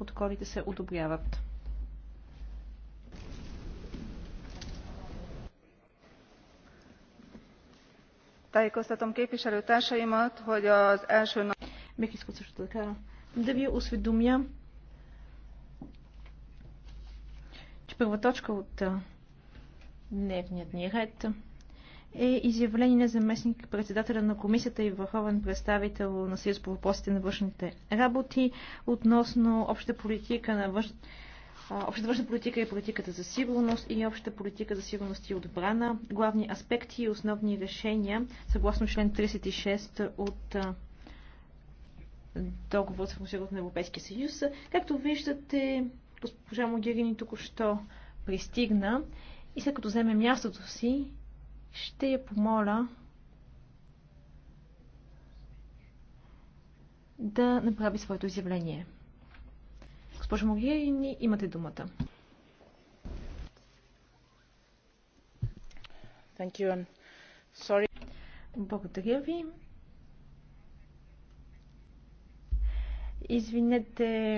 Протоколите се одобряват. Бих искал също така да ви осведомя, че първа точка от дневният ни ред е изявление на заместник председателя на комисията и върховен представител на Съюз по въпросите на външните работи относно общата политика на външ... Общата външна политика и политиката за сигурност и общата политика за сигурност и отбрана, главни аспекти и основни решения, съгласно член 36 от договор за функционирането на Европейския съюз. Както виждате, госпожа Могерини току-що пристигна и след като вземе мястото си, ще я помоля да направи своето изявление. Госпожо Могирини, имате думата. Thank you. Sorry. Благодаря ви. Извинете